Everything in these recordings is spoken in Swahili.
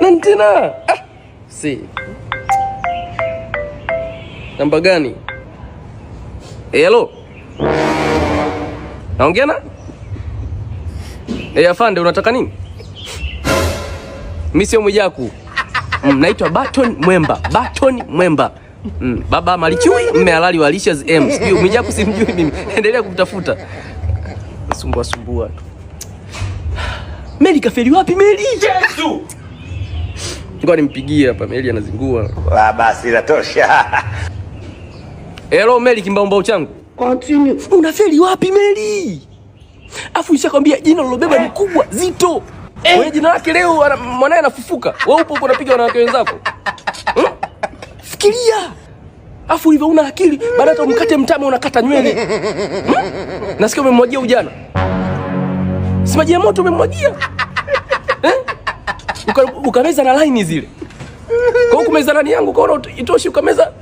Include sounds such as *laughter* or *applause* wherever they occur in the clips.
Nani tena? Ah, si namba gani? Eh, hello, naongea na hey, eh, afande, unataka nini? Mimi sio Mwijaku. Mm, naitwa Baton Mwemba, Baton Mwemba. Mm, baba malichui mme halali wa Alicia's M. Sijui Mwijaku simjui mimi. Endelea kumtafuta. Sumbua sumbua tu. Meli kafeli wapi Meli? Yesu. Ngoja nimpigie hapa, Meli anazingua. Ah, basi la tosha. Hello Meli, kimbaumbao changu. Continue. Unafeli wapi Meli? Afu ishakwambia jina lilobeba ni kubwa zito. Eh. Wewe jina lake leo mwanae anafufuka. Wewe upo uko unapiga wanawake wenzako. Hmm? Fikiria. Afu hivyo una akili, baada hata mkate mtama unakata nywele. Hmm? Nasikia umemwagia ujana. Simaji ya moto umemwagia ukameza na line zile. Kwa kumeza line yangu ukaona itoshi, ukameza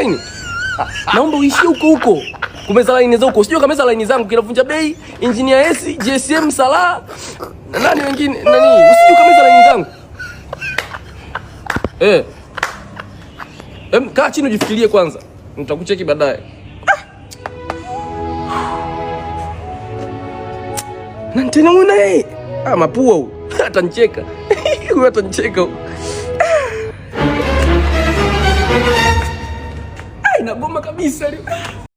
line. Naomba uishie huko huko kumeza line zako, usije ukameza line zangu, kinavunja bei. Engineer S, JSM Sala na nani wengine nani, usije kameza line zangu eh. Em, kaa chini ujifikirie kwanza, nitakucheki baadaye. Nante naona eh Ah, mapua huyu *laughs* *laughs* atanicheka huyu atanicheka ah. inagoma kabisa.